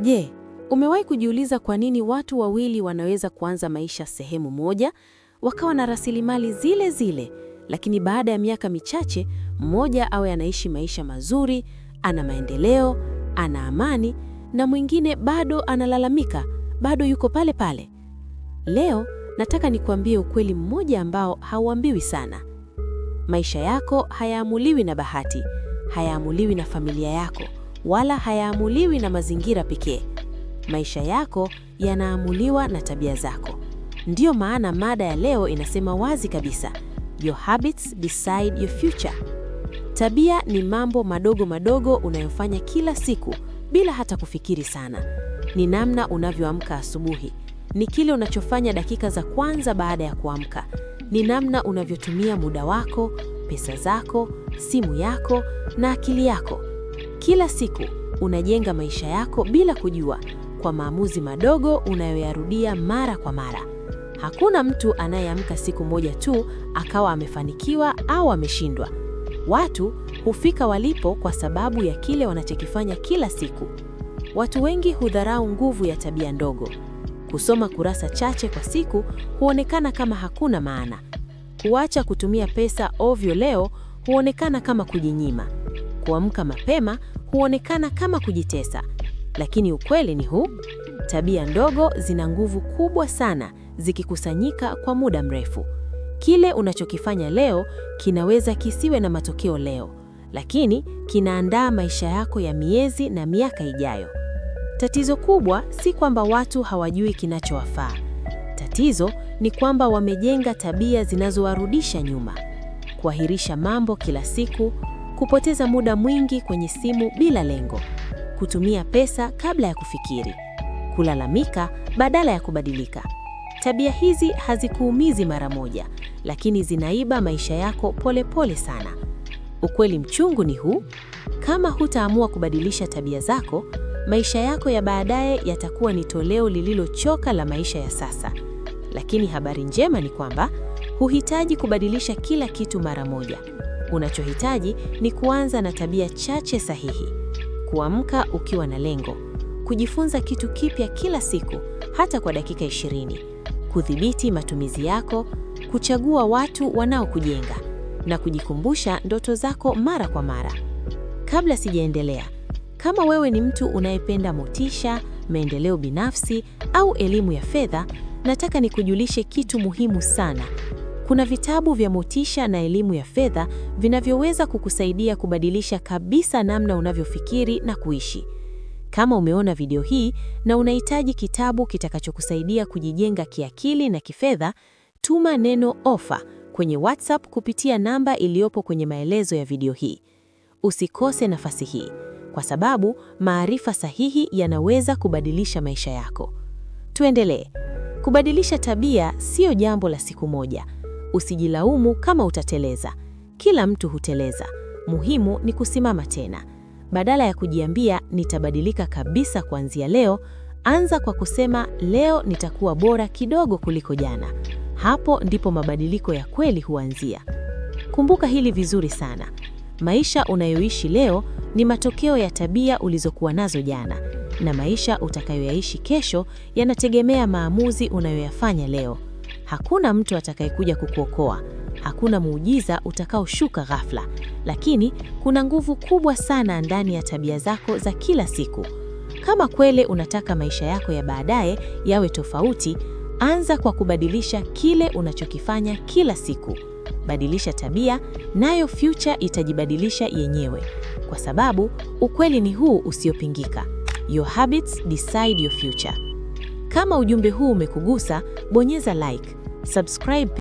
Je, umewahi kujiuliza kwa nini watu wawili wanaweza kuanza maisha sehemu moja, wakawa na rasilimali zile zile, lakini baada ya miaka michache mmoja awe anaishi maisha mazuri, ana maendeleo, ana amani, na mwingine bado analalamika, bado yuko pale pale? Leo nataka nikuambie ukweli mmoja ambao hauambiwi sana. Maisha yako hayaamuliwi na bahati, hayaamuliwi na familia yako wala hayaamuliwi na mazingira pekee. Maisha yako yanaamuliwa na tabia zako. Ndiyo maana mada ya leo inasema wazi kabisa, Your habits decide your future. Tabia ni mambo madogo madogo unayofanya kila siku bila hata kufikiri sana. Ni namna unavyoamka asubuhi, ni kile unachofanya dakika za kwanza baada ya kuamka, ni namna unavyotumia muda wako, pesa zako, simu yako na akili yako. Kila siku unajenga maisha yako bila kujua, kwa maamuzi madogo unayoyarudia mara kwa mara. Hakuna mtu anayeamka siku moja tu akawa amefanikiwa au ameshindwa. Watu hufika walipo kwa sababu ya kile wanachokifanya kila siku. Watu wengi hudharau nguvu ya tabia ndogo. Kusoma kurasa chache kwa siku huonekana kama hakuna maana. Kuacha kutumia pesa ovyo leo huonekana kama kujinyima kuamka mapema huonekana kama kujitesa, lakini ukweli ni huu: tabia ndogo zina nguvu kubwa sana zikikusanyika kwa muda mrefu. Kile unachokifanya leo kinaweza kisiwe na matokeo leo, lakini kinaandaa maisha yako ya miezi na miaka ijayo. Tatizo kubwa si kwamba watu hawajui kinachowafaa. Tatizo ni kwamba wamejenga tabia zinazowarudisha nyuma: kuahirisha mambo kila siku, kupoteza muda mwingi kwenye simu bila lengo, kutumia pesa kabla ya kufikiri, kulalamika badala ya kubadilika. Tabia hizi hazikuumizi mara moja, lakini zinaiba maisha yako polepole pole sana. Ukweli mchungu ni huu: kama hutaamua kubadilisha tabia zako, maisha yako ya baadaye yatakuwa ni toleo lililochoka la maisha ya sasa. Lakini habari njema ni kwamba huhitaji kubadilisha kila kitu mara moja. Unachohitaji ni kuanza na tabia chache sahihi: kuamka ukiwa na lengo, kujifunza kitu kipya kila siku, hata kwa dakika ishirini, kudhibiti matumizi yako, kuchagua watu wanaokujenga na kujikumbusha ndoto zako mara kwa mara. Kabla sijaendelea, kama wewe ni mtu unayependa motisha, maendeleo binafsi au elimu ya fedha, nataka nikujulishe kitu muhimu sana kuna vitabu vya motisha na elimu ya fedha vinavyoweza kukusaidia kubadilisha kabisa namna unavyofikiri na kuishi. Kama umeona video hii na unahitaji kitabu kitakachokusaidia kujijenga kiakili na kifedha, tuma neno ofa kwenye WhatsApp kupitia namba iliyopo kwenye maelezo ya video hii. Usikose nafasi hii kwa sababu maarifa sahihi yanaweza kubadilisha maisha yako. Tuendelee. Kubadilisha tabia sio jambo la siku moja. Usijilaumu kama utateleza. Kila mtu huteleza. Muhimu ni kusimama tena. Badala ya kujiambia nitabadilika kabisa kuanzia leo, anza kwa kusema leo nitakuwa bora kidogo kuliko jana. Hapo ndipo mabadiliko ya kweli huanzia. Kumbuka hili vizuri sana. Maisha unayoishi leo ni matokeo ya tabia ulizokuwa nazo jana, na maisha utakayoyaishi kesho yanategemea maamuzi unayoyafanya leo. Hakuna mtu atakayekuja kukuokoa, hakuna muujiza utakaoshuka ghafla, lakini kuna nguvu kubwa sana ndani ya tabia zako za kila siku. Kama kweli unataka maisha yako ya baadaye yawe tofauti, anza kwa kubadilisha kile unachokifanya kila siku. Badilisha tabia, nayo future itajibadilisha yenyewe, kwa sababu ukweli ni huu usiopingika: your habits decide your future. Kama ujumbe huu umekugusa, bonyeza like, subscribe.